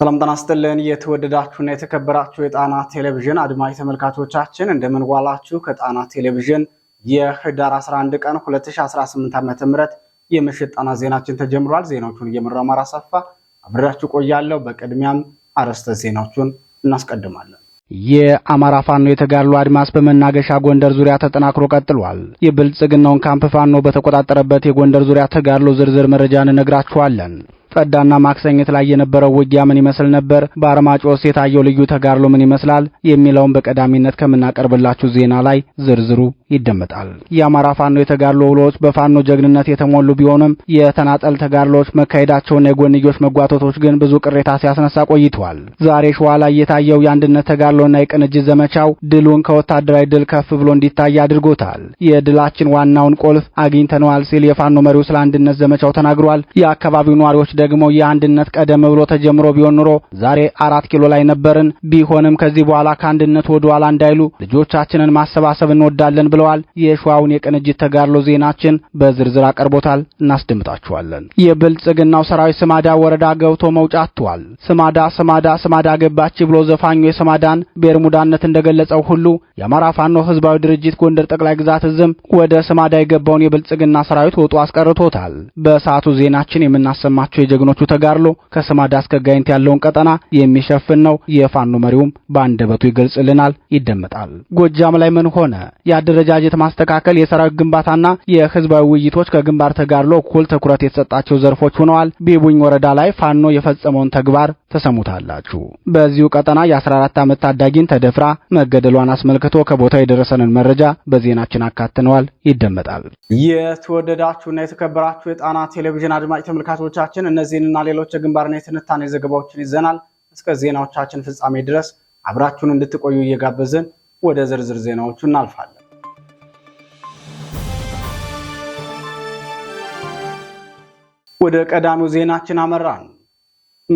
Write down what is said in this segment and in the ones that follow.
ሰላም ጤና ይስጥልን። የተወደዳችሁና የተከበራችሁ የጣና ቴሌቪዥን አድማጭ ተመልካቾቻችን እንደምንዋላችሁ። ከጣና ቴሌቪዥን የህዳር 11 ቀን 2018 ዓ.ም የምሽት ጣና ዜናችን ተጀምሯል። ዜናዎቹን እየመራ አማራ ሰፋ አብራችሁ ቆያለሁ። በቅድሚያም አርዕስተ ዜናዎቹን እናስቀድማለን። የአማራ ፋኖ የተጋድሎ አድማስ በመናገሻ ጎንደር ዙሪያ ተጠናክሮ ቀጥሏል። የብልጽግናውን ካምፕ ፋኖ በተቆጣጠረበት የጎንደር ዙሪያ ተጋድሎ ዝርዝር መረጃ እንነግራችኋለን። ጠዳና ማክሰኝት ላይ የነበረው ውጊያ ምን ይመስል ነበር? በአርማጮስ የታየው ልዩ ተጋድሎ ምን ይመስላል? የሚለውን በቀዳሚነት ከምናቀርብላችሁ ዜና ላይ ዝርዝሩ ይደመጣል። የአማራ ፋኖ የተጋድሎ ውሎች በፋኖ ጀግንነት የተሞሉ ቢሆንም የተናጠል ተጋድሎች መካሄዳቸውና የጎንዮሽ መጓተቶች ግን ብዙ ቅሬታ ሲያስነሳ ቆይተዋል። ዛሬ ሸዋ ላይ የታየው የአንድነት ተጋድሎና የቅንጅት ዘመቻው ድሉን ከወታደራዊ ድል ከፍ ብሎ እንዲታይ አድርጎታል። የድላችን ዋናውን ቁልፍ አግኝተነዋል ሲል የፋኖ መሪው ስለ አንድነት ዘመቻው ተናግሯል። የአካባቢው ነዋሪዎች ደግሞ የአንድነት ቀደም ብሎ ተጀምሮ ቢሆን ኑሮ ዛሬ አራት ኪሎ ላይ ነበርን። ቢሆንም ከዚህ በኋላ ከአንድነት ወደ ኋላ እንዳይሉ ልጆቻችንን ማሰባሰብ እንወዳለን ብለዋል። የሸዋውን የቅንጅት ተጋድሎ ዜናችን በዝርዝር አቀርቦታል፣ እናስደምጣችኋለን። የብልጽግናው ሰራዊት ስማዳ ወረዳ ገብቶ መውጫ አጥቷል። ስማዳ ስማዳ ስማዳ ገባች ብሎ ዘፋኙ የስማዳን ቤርሙዳነት እንደገለጸው ሁሉ የአማራ ፋኖ ህዝባዊ ድርጅት ጎንደር ጠቅላይ ግዛት እዝም ወደ ስማዳ የገባውን የብልጽግና ሰራዊት ወጡ አስቀርቶታል። በሰዓቱ ዜናችን የምናሰማቸው የጀግኖቹ ተጋድሎ ከስማዳ እስከ ጋይንት ያለውን ቀጠና የሚሸፍን ነው። የፋኖ መሪውም በአንደበቱ ይገልጽልናል፣ ይደመጣል። ጎጃም ላይ ምን ሆነ? የአደረጃጀት ማስተካከል፣ የሰራዊት ግንባታና የህዝባዊ ውይይቶች ከግንባር ተጋድሎ እኩል ትኩረት የተሰጣቸው ዘርፎች ሆነዋል። ቢቡኝ ወረዳ ላይ ፋኖ የፈጸመውን ተግባር ተሰሙታላችሁ። በዚሁ ቀጠና የ14 ዓመት ታዳጊን ተደፍራ መገደሏን አስመልክቶ ከቦታው የደረሰንን መረጃ በዜናችን አካትነዋል፣ ይደመጣል። የተወደዳችሁና የተከበራችሁ የጣና ቴሌቪዥን አድማጭ ተመልካቾቻችን እነዚህንና ሌሎች የግንባርና የትንታኔ ዘገባዎችን ይዘናል። እስከ ዜናዎቻችን ፍጻሜ ድረስ አብራችሁን እንድትቆዩ እየጋበዝን ወደ ዝርዝር ዜናዎቹ እናልፋለን። ወደ ቀዳሚው ዜናችን አመራን።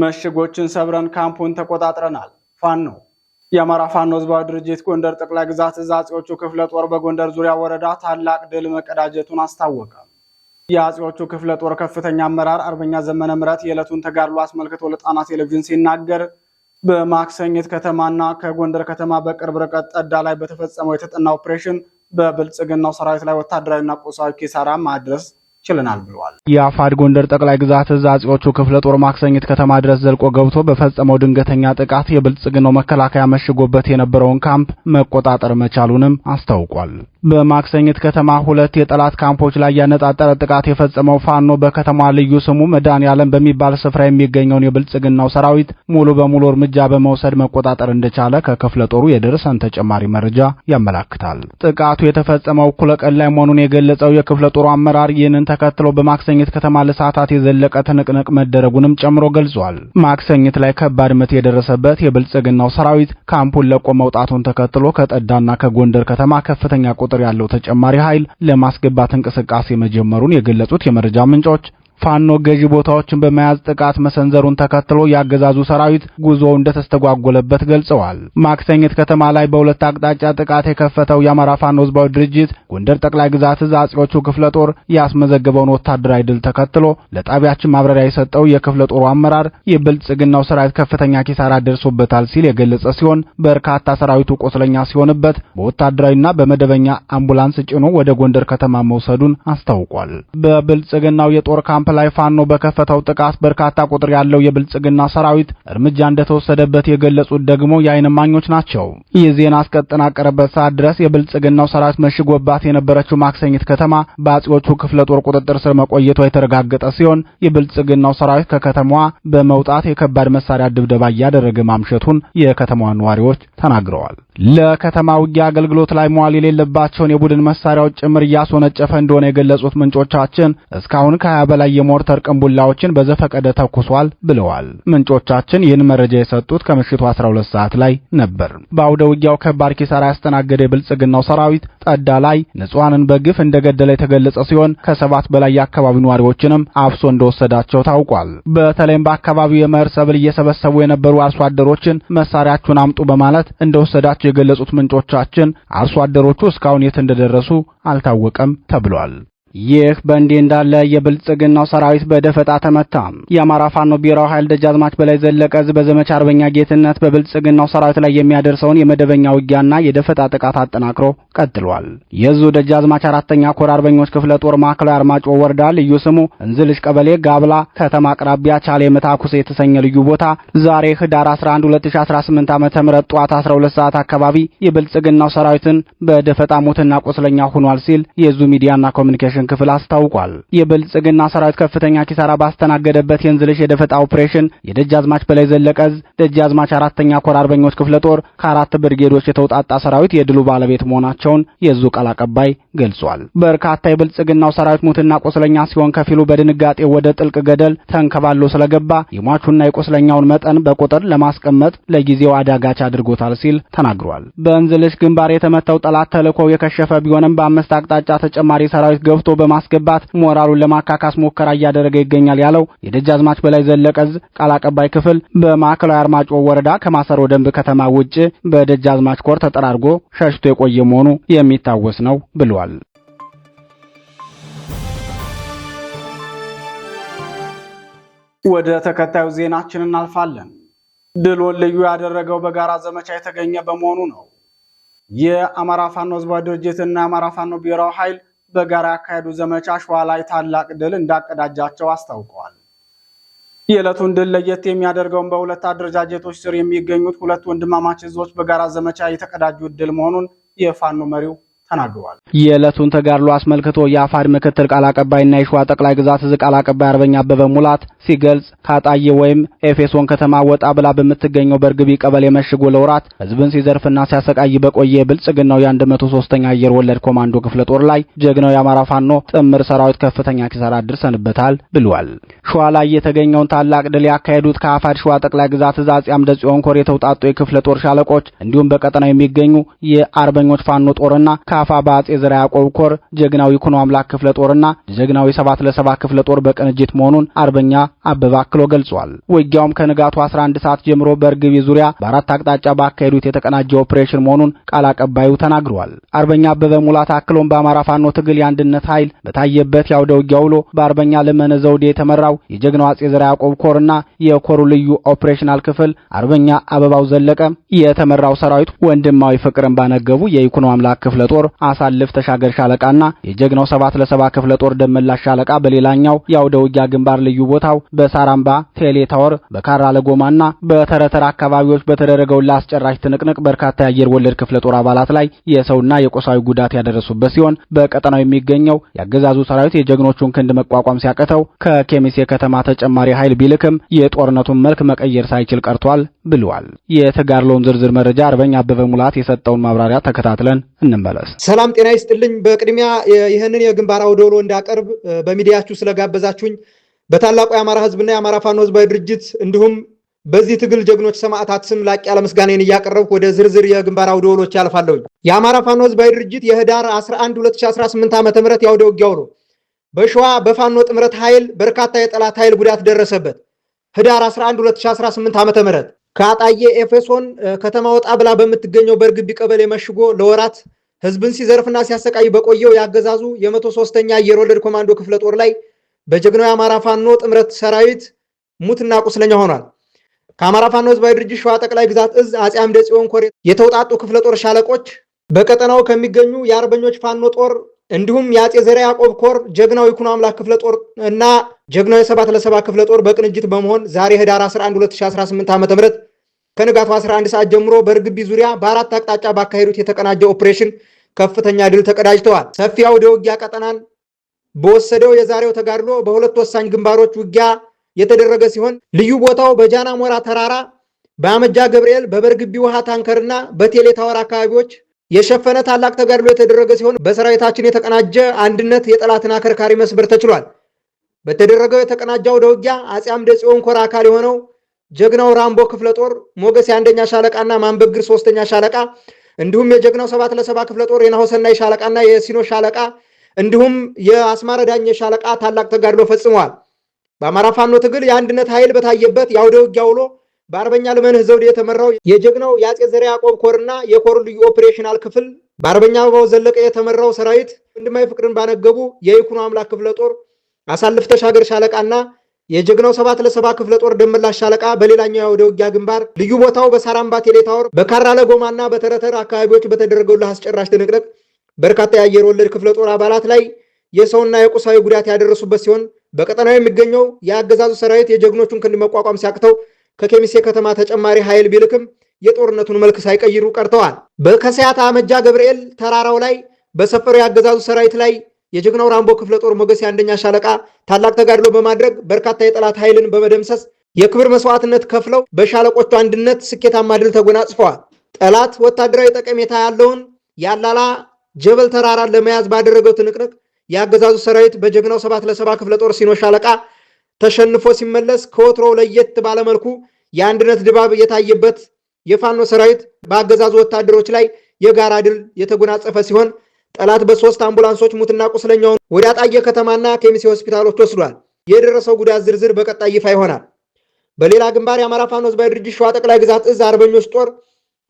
ምሽጎችን ሰብረን ካምፑን ተቆጣጥረናል። ፋኖ የአማራ ፋኖ ህዝባዊ ድርጅት ጎንደር ጠቅላይ ግዛት እዝ አፄዎቹ ክፍለ ጦር በጎንደር ዙሪያ ወረዳ ታላቅ ድል መቀዳጀቱን አስታወቀ። የአጼዎቹ ክፍለ ጦር ከፍተኛ አመራር አርበኛ ዘመነ ምረት የዕለቱን ተጋድሎ አስመልክቶ ለጣና ቴሌቪዥን ሲናገር በማክሰኝት ከተማና ከጎንደር ከተማ በቅርብ ርቀት ጠዳ ላይ በተፈጸመው የተጠና ኦፕሬሽን በብልጽግናው ሰራዊት ላይ ወታደራዊና ቁሳዊ ኪሳራ ማድረስ ችለናል ብለዋል። የአፋድ ጎንደር ጠቅላይ ግዛት እዝ አጼዎቹ ክፍለ ጦር ማክሰኝት ከተማ ድረስ ዘልቆ ገብቶ በፈጸመው ድንገተኛ ጥቃት የብልጽግናው መከላከያ መሽጎበት የነበረውን ካምፕ መቆጣጠር መቻሉንም አስታውቋል። በማክሰኝት ከተማ ሁለት የጠላት ካምፖች ላይ ያነጣጠረ ጥቃት የፈጸመው ፋኖ በከተማ ልዩ ስሙ ያለም በሚባል ስፍራ የሚገኘውን የብልጽግናው ሰራዊት ሙሉ በሙሉ እርምጃ በመውሰድ መቆጣጠር እንደቻለ ከክፍለ ጦሩ የደረሰን ተጨማሪ መረጃ ያመላክታል። ጥቃቱ የተፈጸመው እኩለ ቀን ላይ መሆኑን የገለጸው የክፍለ ጦሩ አመራር ይህንን ተከትሎ በማክሰኝት ከተማ ለሰዓታት የዘለቀ ትንቅንቅ መደረጉንም ጨምሮ ገልጿል። ማክሰኝት ላይ ከባድ ምት የደረሰበት የብልጽግናው ሰራዊት ካምፑን ለቆ መውጣቱን ተከትሎ ከጠዳና ከጎንደር ከተማ ከፍተኛ ቁጥር ያለው ተጨማሪ ኃይል ለማስገባት እንቅስቃሴ መጀመሩን የገለጹት የመረጃ ምንጮች ፋኖ ገዢ ቦታዎችን በመያዝ ጥቃት መሰንዘሩን ተከትሎ ያገዛዙ ሰራዊት ጉዞ እንደተስተጓጎለበት ገልጸዋል። ማክሰኝት ከተማ ላይ በሁለት አቅጣጫ ጥቃት የከፈተው የአማራ ፋኖ ህዝባዊ ድርጅት ጎንደር ጠቅላይ ግዛት እዝ አጼዎቹ ክፍለ ጦር ያስመዘገበውን ወታደራዊ ድል ተከትሎ ለጣቢያችን ማብራሪያ የሰጠው የክፍለ ጦሩ አመራር የብልጽግናው ሰራዊት ከፍተኛ ኪሳራ ደርሶበታል ሲል የገለጸ ሲሆን በርካታ ሰራዊቱ ቆስለኛ ሲሆንበት በወታደራዊና በመደበኛ አምቡላንስ ጭኖ ወደ ጎንደር ከተማ መውሰዱን አስታውቋል። በብልጽግናው የጦር ካምፕ ላይ ፋኖ በከፈተው ጥቃት በርካታ ቁጥር ያለው የብልጽግና ሰራዊት እርምጃ እንደተወሰደበት የገለጹት ደግሞ የአይን ማኞች ናቸው። ይህ ዜና እስከተጠናቀረበት ሰዓት ድረስ የብልጽግናው ሰራዊት መሽጎባት የነበረችው ማክሰኝት ከተማ በአጼዎቹ ክፍለ ጦር ቁጥጥር ስር መቆየቷ የተረጋገጠ ሲሆን የብልጽግናው ሰራዊት ከከተማዋ በመውጣት የከባድ መሳሪያ ድብደባ እያደረገ ማምሸቱን የከተማዋ ነዋሪዎች ተናግረዋል። ለከተማ ውጊያ አገልግሎት ላይ መዋል የሌለባቸውን የቡድን መሳሪያዎች ጭምር እያስወነጨፈ እንደሆነ የገለጹት ምንጮቻችን እስካሁን ከሀያ በላይ የሞርተር ቅንቡላዎችን በዘፈቀደ ተኩሷል ብለዋል። ምንጮቻችን ይህን መረጃ የሰጡት ከምሽቱ 12 ሰዓት ላይ ነበር። በአውደ ውጊያው ከባድ ኪሳራ ያስተናገደ የብልጽግናው ሰራዊት ጠዳ ላይ ንጹሐንን በግፍ እንደገደለ የተገለጸ ሲሆን ከሰባት በላይ የአካባቢ ነዋሪዎችንም አፍሶ እንደወሰዳቸው ታውቋል። በተለይም በአካባቢው የመኸር ሰብል እየሰበሰቡ የነበሩ አርሶ አደሮችን መሳሪያችሁን አምጡ በማለት እንደወሰዳቸው የገለጹት ምንጮቻችን አርሶ አደሮቹ እስካሁን የት እንደደረሱ አልታወቀም ተብሏል። ይህ በእንዲህ እንዳለ የብልጽግናው ሰራዊት በደፈጣ ተመታ። የአማራ ፋኖ ብሔራዊ ኃይል ደጃዝማች በላይ ዘለቀ ዝ በዘመቻ አርበኛ ጌትነት በብልጽግናው ሰራዊት ላይ የሚያደርሰውን የመደበኛ ውጊያና የደፈጣ ጥቃት አጠናክሮ ቀጥሏል። የዙ ደጃዝማች አራተኛ ኮር አርበኞች ክፍለ ጦር ማዕከላዊ አርማጭሆ ወረዳ ልዩ ስሙ እንዝልሽ ቀበሌ ጋብላ ከተማ አቅራቢያ ቻሌ መታኩስ የተሰኘ ልዩ ቦታ ዛሬ ህዳር 11 2018 ዓ.ም ጠዋት 12 ሰዓት አካባቢ የብልጽግናው ሰራዊትን በደፈጣ ሞትና ቁስለኛ ሆኗል ሲል የዙ ሚዲያና ኮሚኒኬሽን የኦፕሬሽን ክፍል አስታውቋል። የብልጽግና ሰራዊት ከፍተኛ ኪሳራ ባስተናገደበት የእንዝልሽ የደፈጣ ኦፕሬሽን የደጃዝማች በላይ ዘለቀዝ ደጃዝማች አራተኛ ኮር አርበኞች ክፍለ ጦር ከአራት ብርጌዶች የተውጣጣ ሰራዊት የድሉ ባለቤት መሆናቸውን የዙ ቃል አቀባይ ገልጿል። በርካታ የብልጽግናው ሰራዊት ሙትና ቁስለኛ ሲሆን ከፊሉ በድንጋጤ ወደ ጥልቅ ገደል ተንከባሎ ስለገባ የሟቹና የቁስለኛውን መጠን በቁጥር ለማስቀመጥ ለጊዜው አዳጋች አድርጎታል ሲል ተናግሯል። በእንዝልሽ ግንባር የተመታው ጠላት ተልዕኮው የከሸፈ ቢሆንም በአምስት አቅጣጫ ተጨማሪ ሰራዊት ገብቶ በማስገባት ሞራሉን ለማካካስ ሙከራ እያደረገ ይገኛል ያለው የደጃዝማች በላይ ዘለቀዝ ቃል አቀባይ ክፍል በማዕከላዊ አርማጭሆ ወረዳ ከማሰሮ ደንብ ከተማ ውጭ በደጃዝማች ኮር ተጠራርጎ ሸሽቶ የቆየ መሆኑ የሚታወስ ነው ብሏል። ወደ ተከታዩ ዜናችን እናልፋለን። ድሉን ልዩ ያደረገው በጋራ ዘመቻ የተገኘ በመሆኑ ነው። የአማራ ፋኖ ህዝባዊ ድርጅት እና የአማራ ፋኖ ብሔራዊ ኃይል በጋራ ያካሄዱ ዘመቻ ሸዋ ላይ ታላቅ ድል እንዳቀዳጃቸው አስታውቀዋል። የዕለቱን ድል ለየት የሚያደርገውን በሁለት አደረጃጀቶች ስር የሚገኙት ሁለት ወንድማማች ህዝቦች በጋራ ዘመቻ የተቀዳጁት ድል መሆኑን የፋኖ መሪው ተናግሯል። የዕለቱን ተጋድሎ አስመልክቶ የአፋድ ምክትል ቃል አቀባይና የሸዋ ጠቅላይ ግዛት እዝ ቃል አቀባይ አርበኛ አበበ ሙላት ሲገልጽ ካጣዬ ወይም ኤፌሶን ከተማ ወጣ ብላ በምትገኘው በርግቢ ቀበሌ መሽጎ ለውራት ህዝብን ሲዘርፍና ሲያሰቃይ በቆየ ብልጽግናው የ103ኛ አየር ወለድ ኮማንዶ ክፍለ ጦር ላይ ጀግናው የአማራ ፋኖ ጥምር ሰራዊት ከፍተኛ ኪሳራ አድርሰንበታል ብሏል። ሸዋ ላይ የተገኘውን ታላቅ ድል ያካሄዱት ከአፋድ ሸዋ ጠቅላይ ግዛት እዝ አጼ አምደ ጽዮን ኮር የተውጣጡ የክፍለ ጦር ሻለቆች እንዲሁም በቀጠናው የሚገኙ የአርበኞች ፋኖ ጦርና ከአፋ በአጼ የዘራ ያቆብ ኮር ጀግናው ይኩኖ አምላክ ክፍለ ጦርና ጀግናው የሰባት ለሰባ ክፍለ ጦር በቅንጅት መሆኑን አርበኛ አበባ አክሎ ገልጿል። ውጊያውም ከንጋቱ 11 ሰዓት ጀምሮ በእርግቢ ዙሪያ በአራት አቅጣጫ ባካሄዱት የተቀናጀ ኦፕሬሽን መሆኑን ቃል አቀባዩ ተናግሯል። አርበኛ አበበ ሙላት አክሎም በአማራ ፋኖ ትግል የአንድነት ኃይል በታየበት ያውደ ውጊያ ውሎ በአርበኛ ለመነ ዘውዴ የተመራው የጀግናው አጼ ዘርዓ ያዕቆብ ኮርና የኮሩ ልዩ ኦፕሬሽናል ክፍል አርበኛ አበባው ዘለቀ የተመራው ሰራዊት ወንድማዊ ፍቅርን ባነገቡ የይኩኖ አምላክ ክፍለ ጦር አሳልፍ ተሻገር ሻለቃና የጀግናው ሰባት ለሰባ ክፍለ ጦር ደመላሽ ሻለቃ በሌላኛው የአውደ ውጊያ ግንባር ልዩ ቦታው በሳራምባ ቴሌ ታወር፣ በካራ ለጎማና በተረተር አካባቢዎች በተደረገው ለአስጨራሽ ትንቅንቅ በርካታ የአየር ወለድ ክፍለ ጦር አባላት ላይ የሰውና የቆሳዊ ጉዳት ያደረሱበት ሲሆን በቀጠናው የሚገኘው የአገዛዙ ሰራዊት የጀግኖቹን ክንድ መቋቋም ሲያቀተው ከኬሚሴ ከተማ ተጨማሪ ኃይል ቢልክም የጦርነቱን መልክ መቀየር ሳይችል ቀርቷል ብሏል። የተጋድሎውን ዝርዝር መረጃ አርበኛ አበበ ሙላት የሰጠውን ማብራሪያ ተከታትለን እንመለስ። ሰላም ጤና ይስጥልኝ። በቅድሚያ ይህንን የግንባር አውደ ውሎ እንዳቀርብ በሚዲያችሁ ስለጋበዛችሁኝ በታላቁ የአማራ ህዝብና የአማራ ፋኖ ህዝባዊ ድርጅት እንዲሁም በዚህ ትግል ጀግኖች ሰማዕታት ስም ላቅ ያለ ምስጋናን እያቀረብኩ ወደ ዝርዝር የግንባር አውደ ውሎች ያልፋለሁ። የአማራ ፋኖ ህዝባዊ ድርጅት የህዳር 11 2018 ዓ ም የአውደ ውጊያ ውሎ በሸዋ በፋኖ ጥምረት ኃይል በርካታ የጠላት ኃይል ጉዳት ደረሰበት። ህዳር 11 2018 ዓ ም ከአጣዬ ኤፌሶን ከተማ ወጣ ብላ በምትገኘው በእርግቢ ቀበሌ መሽጎ ለወራት ህዝብን ሲዘርፍና ሲያሰቃይ በቆየው የአገዛዙ የመቶ ሶስተኛ አየር ወለድ ኮማንዶ ክፍለ ጦር ላይ በጀግናው የአማራ ፋኖ ጥምረት ሰራዊት ሙትና ቁስለኛ ሆኗል። ከአማራ ፋኖ ህዝባዊ ድርጅት ሸዋ ጠቅላይ ግዛት እዝ አጼ አምደ ጽዮን ኮር የተውጣጡ ክፍለ ጦር ሻለቆች በቀጠናው ከሚገኙ የአርበኞች ፋኖ ጦር እንዲሁም የአጼ ዘርዓ ያዕቆብ ኮር ጀግናው ይኩኖ አምላክ ክፍለ ጦር እና ጀግናው የሰባት ለሰባ ክፍለ ጦር በቅንጅት በመሆን ዛሬ ህዳር 11 2018 ም ከንጋቱ 11 ሰዓት ጀምሮ በእርግቢ ዙሪያ በአራት አቅጣጫ ባካሄዱት የተቀናጀ ኦፕሬሽን ከፍተኛ ድል ተቀዳጅተዋል። ሰፊ አውደ ውጊያ ቀጠናን በወሰደው የዛሬው ተጋድሎ በሁለት ወሳኝ ግንባሮች ውጊያ የተደረገ ሲሆን ልዩ ቦታው በጃና ሞራ ተራራ፣ በአመጃ ገብርኤል፣ በበርግቢ ውሃ ታንከርና በቴሌ ታወር አካባቢዎች የሸፈነ ታላቅ ተጋድሎ የተደረገ ሲሆን በሰራዊታችን የተቀናጀ አንድነት የጠላትን አከርካሪ መስበር ተችሏል። በተደረገው የተቀናጀ አውደ ውጊያ አጼ አምደ ጽዮን ኮር አካል የሆነው ጀግናው ራምቦ ክፍለ ጦር ሞገስ የአንደኛ ሻለቃና ማንበግር ሶስተኛ ሻለቃ እንዲሁም የጀግናው ሰባት ለሰባ ክፍለ ጦር የናሆሰናይ ሻለቃና የሲኖ ሻለቃ እንዲሁም የአስማረ ዳኘ ሻለቃ ታላቅ ተጋድሎ ፈጽመዋል። በአማራ ፋኖ ትግል የአንድነት ኃይል በታየበት የአውደ ውጊያ ውሎ በአርበኛ ልመንህ ዘውድ የተመራው የጀግናው የአጼ ዘርዓ ያዕቆብ ኮርና የኮር ልዩ ኦፕሬሽናል ክፍል በአርበኛ አበባው ዘለቀ የተመራው ሰራዊት ወንድማዊ ፍቅርን ባነገቡ የይኩኖ አምላክ ክፍለ ጦር አሳልፍ ተሻገር ሻለቃና የጀግናው ሰባት ለሰባ ክፍለ ጦር ደመላሽ ሻለቃ በሌላኛው የአውደ ውጊያ ግንባር ልዩ ቦታው በሳራምባ ቴሌታወር በካራ ለጎማና በተረተር አካባቢዎች በተደረገው ለአስጨራሽ ትንቅንቅ በርካታ የአየር ወለድ ክፍለ ጦር አባላት ላይ የሰውና የቁሳዊ ጉዳት ያደረሱበት ሲሆን በቀጠናው የሚገኘው የአገዛዙ ሰራዊት የጀግኖቹን ክንድ መቋቋም ሲያቅተው ከኬሚሴ ከተማ ተጨማሪ ኃይል ቢልክም የጦርነቱን መልክ ሳይቀይሩ ቀርተዋል። በከሰያታ አመጃ ገብርኤል ተራራው ላይ በሰፈሩ የአገዛዙ ሰራዊት ላይ የጀግናው ራምቦ ክፍለ ጦር ሞገስ የአንደኛ ሻለቃ ታላቅ ተጋድሎ በማድረግ በርካታ የጠላት ኃይልን በመደምሰስ የክብር መስዋዕትነት ከፍለው በሻለቆቹ አንድነት ስኬታማ ድል ተጎናጽፈዋል። ጠላት ወታደራዊ ጠቀሜታ ያለውን የአላላ ጀበል ተራራን ለመያዝ ባደረገው ትንቅንቅ የአገዛዙ ሰራዊት በጀግናው ሰባት ለሰባ ክፍለ ጦር ሲኖ ሻለቃ ተሸንፎ ሲመለስ ከወትሮው ለየት ባለመልኩ የአንድነት ድባብ የታየበት የፋኖ ሰራዊት በአገዛዙ ወታደሮች ላይ የጋራ ድል የተጎናጸፈ ሲሆን ጠላት በሶስት አምቡላንሶች ሙትና ቁስለኛውን ወደ አጣየ ከተማና ከሚሴ ሆስፒታሎች ወስዷል። የደረሰው ጉዳት ዝርዝር በቀጣይ ይፋ ይሆናል። በሌላ ግንባር የአማራ ፋኖ ህዝባዊ ድርጅት ሸዋ ጠቅላይ ግዛት እዝ አርበኞች ጦር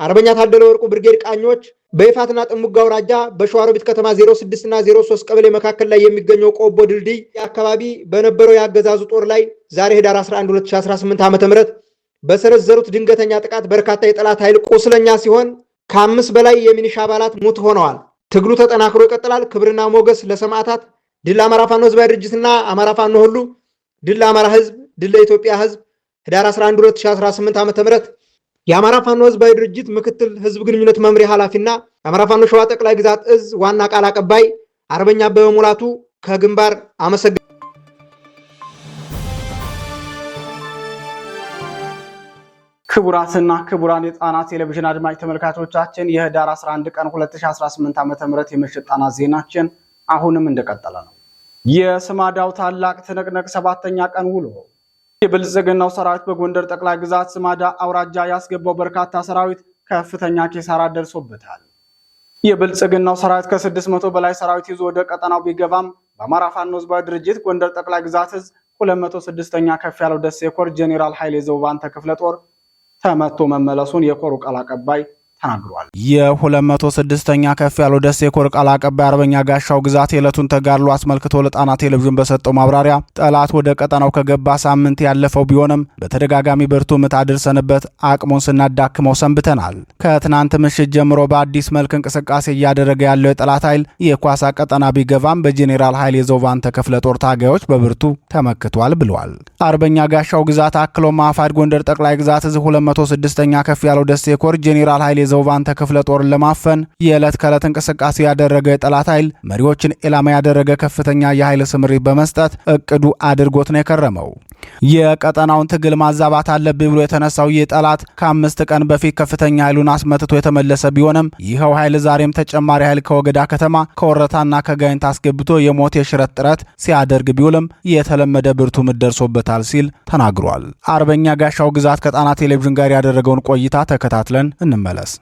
አርበኛ ታደለ ወርቁ ብርጌድ ቃኞች በይፋትና ጥሙጋ አውራጃ በሸዋሮቢት ከተማ 06 እና 03 ቀበሌ መካከል ላይ የሚገኘው ቆቦ ድልድይ አካባቢ በነበረው የአገዛዙ ጦር ላይ ዛሬ ህዳር 11 2018 ዓ ም በሰነዘሩት ድንገተኛ ጥቃት በርካታ የጠላት ኃይል ቁስለኛ ሲሆን ከአምስት በላይ የሚኒሻ አባላት ሙት ሆነዋል። ትግሉ ተጠናክሮ ይቀጥላል። ክብርና ሞገስ ለሰማዕታት። ድል ለአማራ ፋኖ ህዝባዊ ድርጅትና አማራ ፋኖ ሁሉ። ድል ለአማራ ህዝብ፣ ድል ለኢትዮጵያ ህዝብ። ህዳር 11 2018 ዓ.ም የአማራ ፋኖ ህዝባዊ ድርጅት ምክትል ህዝብ ግንኙነት መምሪያ ኃላፊና የአማራ ፋኖ ሸዋ ጠቅላይ ግዛት እዝ ዋና ቃል አቀባይ አርበኛ አበበ ሙላቱ ከግንባር አመሰግናለሁ። ክቡራትና ክቡራን የጣና ቴሌቪዥን አድማጭ ተመልካቾቻችን የህዳር 11 ቀን 2018 ዓ.ም የምሽት ጣና ዜናችን አሁንም እንደቀጠለ ነው። የስማዳው ታላቅ ትንቅንቅ ሰባተኛ ቀን ውሎ የብልጽግናው ሰራዊት በጎንደር ጠቅላይ ግዛት ስማዳ አውራጃ ያስገባው በርካታ ሰራዊት ከፍተኛ ኪሳራ ደርሶበታል። የብልጽግናው ሰራዊት ከ600 በላይ ሰራዊት ይዞ ወደ ቀጠናው ቢገባም በአማራ ፋኖ ህዝባዊ ድርጅት ጎንደር ጠቅላይ ግዛት እዝ 206ኛ ከፍ ያለው ደሴ ኮር ጄኔራል ኃይሌ ዘውባንተ ክፍለ ጦር ተመቶ መመለሱን የኮሩ ቃል አቀባይ ተናግሯል። የ206ኛ ከፍ ያለው ደሴ ኮር ቃል አቀባይ አርበኛ ጋሻው ግዛት የዕለቱን ተጋድሎ አስመልክቶ ለጣና ቴሌቪዥን በሰጠው ማብራሪያ ጠላት ወደ ቀጠናው ከገባ ሳምንት ያለፈው ቢሆንም በተደጋጋሚ ብርቱ ምት አድርሰንበት አቅሙን ስናዳክመው ሰንብተናል። ከትናንት ምሽት ጀምሮ በአዲስ መልክ እንቅስቃሴ እያደረገ ያለው የጠላት ኃይል የኳሳ ቀጠና ቢገባም በጄኔራል ኃይል የዘውቫንተ ክፍለ ጦር ታጋዮች በብርቱ ተመክቷል ብሏል። አርበኛ ጋሻው ግዛት አክሎ ማፋድ ጎንደር ጠቅላይ ግዛት እዝ 206ኛ ከፍ ያለው ደሴ ኮር ጄኔራል ኃይል የዘውባንተ ክፍለ ጦርን ለማፈን የዕለት ከዕለት እንቅስቃሴ ያደረገ የጠላት ኃይል መሪዎችን ኢላማ ያደረገ ከፍተኛ የኃይል ስምሪት በመስጠት እቅዱ አድርጎት ነው የከረመው። የቀጠናውን ትግል ማዛባት አለብኝ ብሎ የተነሳው ይህ ጠላት ከአምስት ቀን በፊት ከፍተኛ ኃይሉን አስመትቶ የተመለሰ ቢሆንም ይኸው ኃይል ዛሬም ተጨማሪ ኃይል ከወገዳ ከተማ ከወረታና ከጋይንት አስገብቶ የሞት የሽረት ጥረት ሲያደርግ ቢውልም የተለመደ ብርቱ ምት ደርሶበታል ሲል ተናግሯል። አርበኛ ጋሻው ግዛት ከጣና ቴሌቪዥን ጋር ያደረገውን ቆይታ ተከታትለን እንመለስ።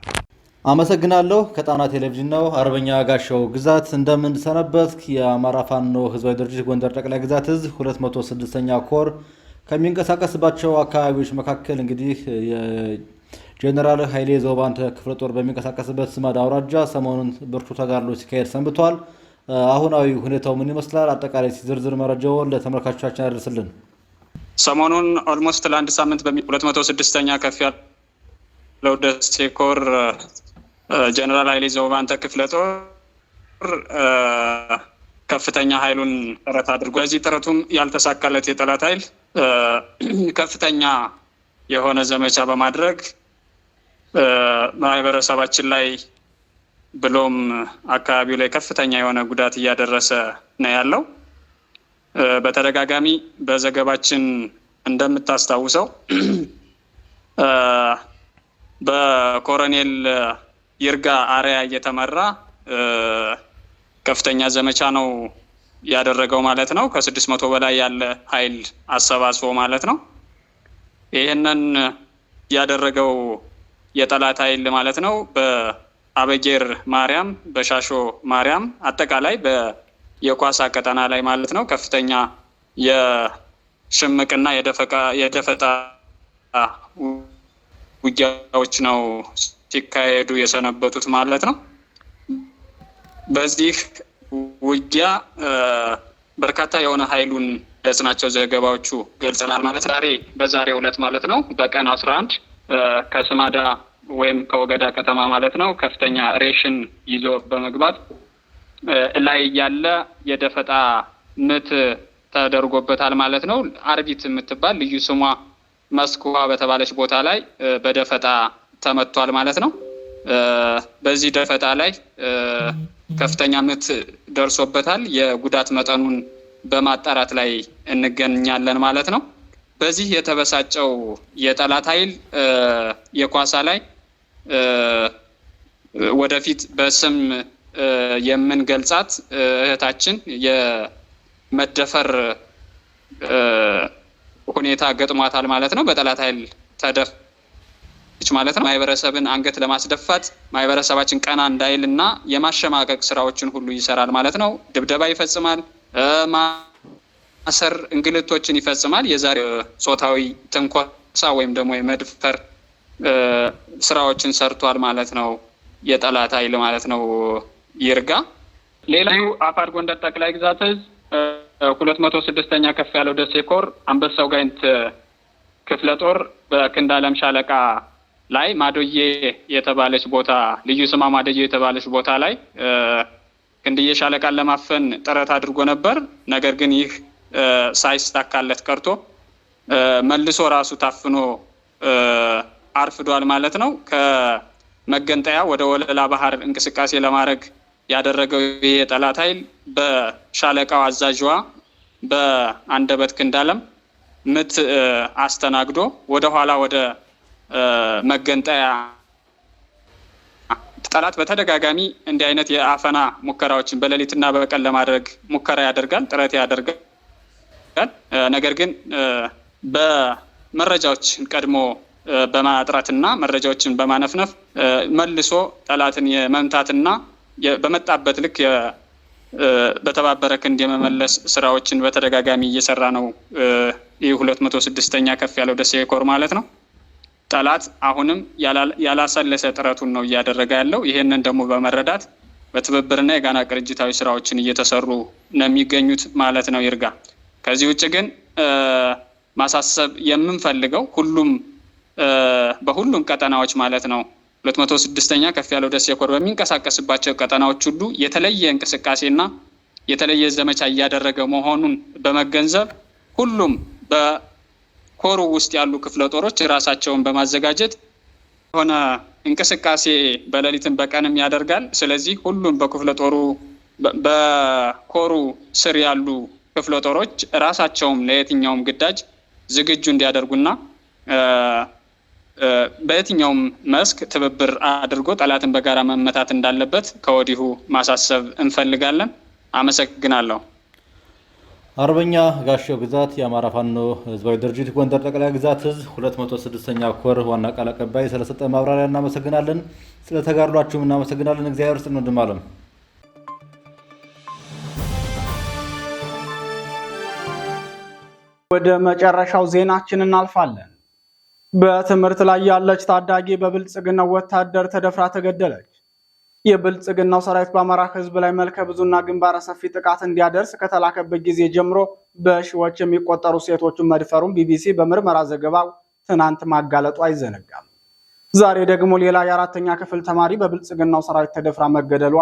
አመሰግናለሁ። ከጣና ቴሌቪዥን ነው። አርበኛ ጋሻው ግዛት እንደምን ሰነበትክ? የአማራ ፋኖ ህዝባዊ ድርጅት ጎንደር ጠቅላይ ግዛት እዝ 206ኛ ኮር ከሚንቀሳቀስባቸው አካባቢዎች መካከል እንግዲህ የጀነራል ኃይሌ ዘውባንተ ክፍለ ጦር በሚንቀሳቀስበት ስማድ አውራጃ ሰሞኑን ብርቱ ተጋድሎ ሲካሄድ ሰንብቷል። አሁናዊ ሁኔታው ምን ይመስላል? አጠቃላይ ዝርዝር መረጃውን ለተመልካቾቻችን ያደርስልን። ሰሞኑን ኦልሞስት ለአንድ ሳምንት በሚ 206ኛ ከፍ ያለው ኮር ጀነራል ኃይሌ ዘውባንተ ክፍለ ጦር ከፍተኛ ኃይሉን ጥረት አድርጎ በዚህ ጥረቱም ያልተሳካለት የጠላት ኃይል ከፍተኛ የሆነ ዘመቻ በማድረግ ማህበረሰባችን ላይ ብሎም አካባቢው ላይ ከፍተኛ የሆነ ጉዳት እያደረሰ ነው ያለው። በተደጋጋሚ በዘገባችን እንደምታስታውሰው በኮረኔል። ይርጋ አርያ እየተመራ ከፍተኛ ዘመቻ ነው ያደረገው ማለት ነው። ከስድስት መቶ በላይ ያለ ኃይል አሰባስቦ ማለት ነው። ይህንን ያደረገው የጠላት ኃይል ማለት ነው በአበጌር ማርያም፣ በሻሾ ማርያም አጠቃላይ የኳሳ ቀጠና ላይ ማለት ነው ከፍተኛ የሽምቅና የደፈጣ ውጊያዎች ነው ሲካሄዱ የሰነበቱት ማለት ነው። በዚህ ውጊያ በርካታ የሆነ ኃይሉን ገጽናቸው ዘገባዎቹ ገልጸናል ማለት ዛሬ በዛሬ ዕለት ማለት ነው በቀን አስራ አንድ ከስማዳ ወይም ከወገዳ ከተማ ማለት ነው ከፍተኛ ሬሽን ይዞ በመግባት ላይ ያለ የደፈጣ ምት ተደርጎበታል ማለት ነው። አርቢት የምትባል ልዩ ስሟ መስኩዋ በተባለች ቦታ ላይ በደፈጣ ተመቷል ማለት ነው። በዚህ ደፈጣ ላይ ከፍተኛ ምት ደርሶበታል። የጉዳት መጠኑን በማጣራት ላይ እንገኛለን ማለት ነው። በዚህ የተበሳጨው የጠላት ኃይል የኳሳ ላይ ወደፊት በስም የምንገልጻት እህታችን የመደፈር ሁኔታ ገጥሟታል ማለት ነው። በጠላት ኃይል ተደፍ ች ማለት ነው ማህበረሰብን አንገት ለማስደፋት ማህበረሰባችን ቀና እንዳይል እና የማሸማቀቅ ስራዎችን ሁሉ ይሰራል ማለት ነው። ድብደባ ይፈጽማል፣ ማሰር እንግልቶችን ይፈጽማል። የዛሬ ጾታዊ ትንኮሳ ወይም ደግሞ የመድፈር ስራዎችን ሰርቷል ማለት ነው። የጠላት ኃይል ማለት ነው ይርጋ። ሌላው አፋር ጎንደር ጠቅላይ ግዛት እዝ ሁለት መቶ ስድስተኛ ከፍ ያለው ደሴ ኮር አንበሳው ጋይንት ክፍለ ጦር በክንዳለም ሻለቃ ላይ ማዶዬ የተባለች ቦታ ልዩ ስማ ማዶዬ የተባለች ቦታ ላይ ክንድዬ ሻለቃን ለማፈን ጥረት አድርጎ ነበር። ነገር ግን ይህ ሳይስታካለት ቀርቶ መልሶ ራሱ ታፍኖ አርፍዷል ማለት ነው። ከመገንጠያ ወደ ወለላ ባህር እንቅስቃሴ ለማድረግ ያደረገው ይሄ የጠላት ኃይል በሻለቃው አዛዥዋ በአንደበት ክንዳለም ምት አስተናግዶ ወደኋላ ወደ መገንጠያ ጠላት በተደጋጋሚ እንዲህ አይነት የአፈና ሙከራዎችን በሌሊትና በቀን ለማድረግ ሙከራ ያደርጋል፣ ጥረት ያደርጋል። ነገር ግን በመረጃዎችን ቀድሞ በማጥራትና መረጃዎችን በማነፍነፍ መልሶ ጠላትን የመምታትና በመጣበት ልክ በተባበረ ክንድ የመመለስ ስራዎችን በተደጋጋሚ እየሰራ ነው። ይህ ሁለት መቶ ስድስተኛ ከፍ ያለው ደሴ ኮር ማለት ነው። ጠላት አሁንም ያላሰለሰ ጥረቱን ነው እያደረገ ያለው። ይሄንን ደግሞ በመረዳት በትብብርና የጋና ቅርጅታዊ ስራዎችን እየተሰሩ ነው የሚገኙት ማለት ነው። ይርጋ ከዚህ ውጭ ግን ማሳሰብ የምንፈልገው ሁሉም በሁሉም ቀጠናዎች ማለት ነው ሁለት መቶ ስድስተኛ ከፍ ያለው ደሴ ኮር በሚንቀሳቀስባቸው ቀጠናዎች ሁሉ የተለየ እንቅስቃሴና የተለየ ዘመቻ እያደረገ መሆኑን በመገንዘብ ሁሉም ኮሩ ውስጥ ያሉ ክፍለ ጦሮች ራሳቸውን በማዘጋጀት የሆነ እንቅስቃሴ በሌሊትም በቀንም ያደርጋል። ስለዚህ ሁሉም በክፍለ ጦሩ በኮሩ ስር ያሉ ክፍለ ጦሮች ራሳቸውም ለየትኛውም ግዳጅ ዝግጁ እንዲያደርጉና በየትኛውም መስክ ትብብር አድርጎ ጠላትን በጋራ መመታት እንዳለበት ከወዲሁ ማሳሰብ እንፈልጋለን። አመሰግናለሁ። አርበኛ ጋሻው ግዛት የአማራ ፋኖ ህዝባዊ ድርጅት ጎንደር ጠቅላይ ግዛት ህዝብ 206ኛ ኮር ዋና ቃል አቀባይ ስለሰጠ ማብራሪያ እናመሰግናለን። ስለተጋድሏችሁም እናመሰግናለን። እግዚአብሔር ስጥ ነው ወደ መጨረሻው ዜናችን እናልፋለን። በትምህርት ላይ ያለች ታዳጊ በብልጽግናው ወታደር ተደፍራ ተገደለች። የብልጽግናው ሰራዊት በአማራ ህዝብ ላይ መልከ ብዙና ግንባር ሰፊ ጥቃት እንዲያደርስ ከተላከበት ጊዜ ጀምሮ በሺዎች የሚቆጠሩ ሴቶችን መድፈሩን ቢቢሲ በምርመራ ዘገባው ትናንት ማጋለጡ አይዘነጋም። ዛሬ ደግሞ ሌላ የአራተኛ ክፍል ተማሪ በብልጽግናው ሰራዊት ተደፍራ መገደሏ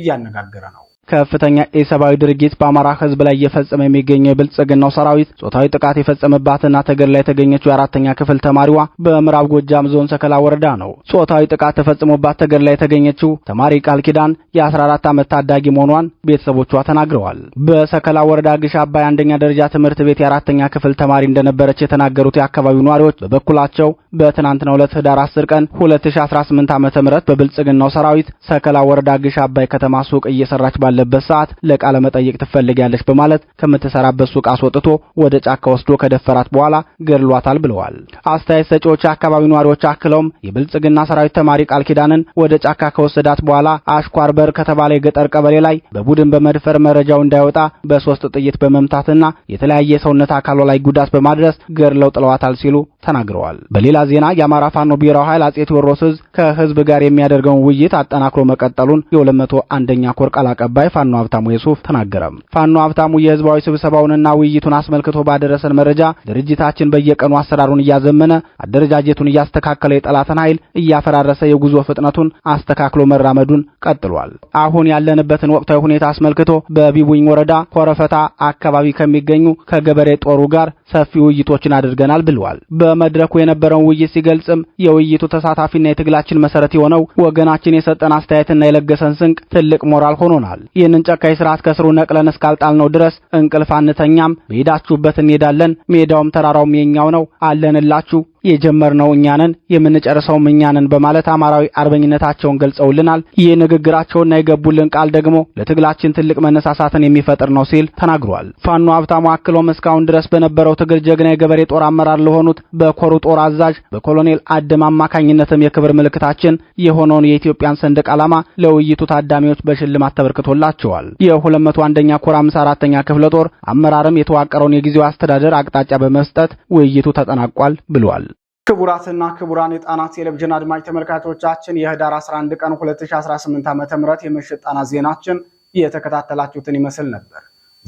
እያነጋገረ ነው። ከፍተኛ ኢሰብአዊ ድርጊት በአማራ ህዝብ ላይ እየፈጸመ የሚገኘው የብልጽግናው ሰራዊት ጾታዊ ጥቃት የፈጸመባትና ላይ የተገኘችው የአራተኛ ክፍል ተማሪዋ በምዕራብ ጎጃም ዞን ሰከላ ወረዳ ነው። ጾታዊ ጥቃት ተፈጽሞባት ላይ የተገኘችው ተማሪ ቃል ኪዳን የ14 ዓመት ታዳጊ መሆኗን ቤተሰቦቿ ተናግረዋል። በሰከላ ወረዳ ግሽ አባይ አንደኛ ደረጃ ትምህርት ቤት የአራተኛ ክፍል ተማሪ እንደነበረች የተናገሩት የአካባቢው ነዋሪዎች በበኩላቸው በትናንትናው ዕለት ህዳር 10 ቀን 2018 ም በብልጽግናው ሰራዊት ሰከላ ወረዳ ግሽ አባይ ከተማ ሱቅ እየሰራች ባለ ባለበት ሰዓት ለቃለ መጠይቅ ትፈልጊያለች በማለት ከምትሰራበት ሱቅ አስወጥቶ ወደ ጫካ ወስዶ ከደፈራት በኋላ ገድሏታል ብለዋል። አስተያየት ሰጪዎች አካባቢ ነዋሪዎች አክለውም የብልጽግና ሰራዊት ተማሪ ቃል ኪዳንን ወደ ጫካ ከወሰዳት በኋላ አሽኳር በር ከተባለ የገጠር ቀበሌ ላይ በቡድን በመድፈር መረጃው እንዳይወጣ በሶስት ጥይት በመምታትና የተለያየ ሰውነት አካሏ ላይ ጉዳት በማድረስ ገድለው ጥለዋታል ሲሉ ተናግረዋል። በሌላ ዜና የአማራ ፋኖ ብሔራዊ ኃይል አጼ ቴዎድሮስ ህዝብ ከህዝብ ጋር የሚያደርገውን ውይይት አጠናክሮ መቀጠሉን የ201ኛ ኮር ቃል አቀባይ ጉዳይ ፋኖ ሀብታሙ የሱፍ ተናገረ። ፋኖ ሀብታሙ የህዝባዊ ስብሰባውንና ውይይቱን አስመልክቶ ባደረሰን መረጃ ድርጅታችን በየቀኑ አሰራሩን እያዘመነ አደረጃጀቱን እያስተካከለ የጠላትን ኃይል እያፈራረሰ የጉዞ ፍጥነቱን አስተካክሎ መራመዱን ቀጥሏል። አሁን ያለንበትን ወቅታዊ ሁኔታ አስመልክቶ በቢቡኝ ወረዳ ኮረፈታ አካባቢ ከሚገኙ ከገበሬ ጦሩ ጋር ሰፊ ውይይቶችን አድርገናል ብለዋል። በመድረኩ የነበረውን ውይይት ሲገልጽም የውይይቱ ተሳታፊና የትግላችን መሰረት የሆነው ወገናችን የሰጠን አስተያየትና የለገሰን ስንቅ ትልቅ ሞራል ሆኖናል። ይህንን ጨካኝ ስርዓት ከስሩ ነቅለን እስካልጣልነው ድረስ እንቅልፍ አንተኛም። በሄዳችሁበት እንሄዳለን። ሜዳውም ተራራውም የኛው ነው አለንላችሁ የጀመርነው እኛ ነን የምንጨርሰውም እኛንን በማለት አማራዊ አርበኝነታቸውን ገልጸውልናል። ይህ ንግግራቸውና የገቡልን ቃል ደግሞ ለትግላችን ትልቅ መነሳሳትን የሚፈጥር ነው ሲል ተናግሯል። ፋኖ ሀብታሙ አክሎም እስካሁን ድረስ በነበረው ትግል ጀግና የገበሬ ጦር አመራር ለሆኑት በኮሩ ጦር አዛዥ በኮሎኔል አደም አማካኝነትም የክብር ምልክታችን የሆነውን የኢትዮጵያን ሰንደቅ ዓላማ ለውይይቱ ታዳሚዎች በሽልማት ተበርክቶላቸዋል። የ201ኛ ኮር 54ኛ ክፍለ ጦር አመራርም የተዋቀረውን የጊዜው አስተዳደር አቅጣጫ በመስጠት ውይይቱ ተጠናቋል ብሏል። ክቡራትና ክቡራን የጣና ቴሌቪዥን አድማጭ ተመልካቾቻችን የህዳር 11 ቀን 2018 ም የምሽት ጣና ዜናችን እየተከታተላችሁትን ይመስል ነበር።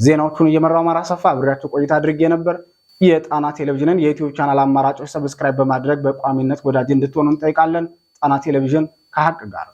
ዜናዎቹን እየመራው አማራ ሰፋ አብሬያችሁ ቆይታ አድርጌ ነበር። የጣና ቴሌቪዥንን የዩቲዩብ ቻናል አማራጮች ሰብስክራይብ በማድረግ በቋሚነት ወዳጅ እንድትሆኑ እንጠይቃለን። ጣና ቴሌቪዥን ከሀቅ ጋር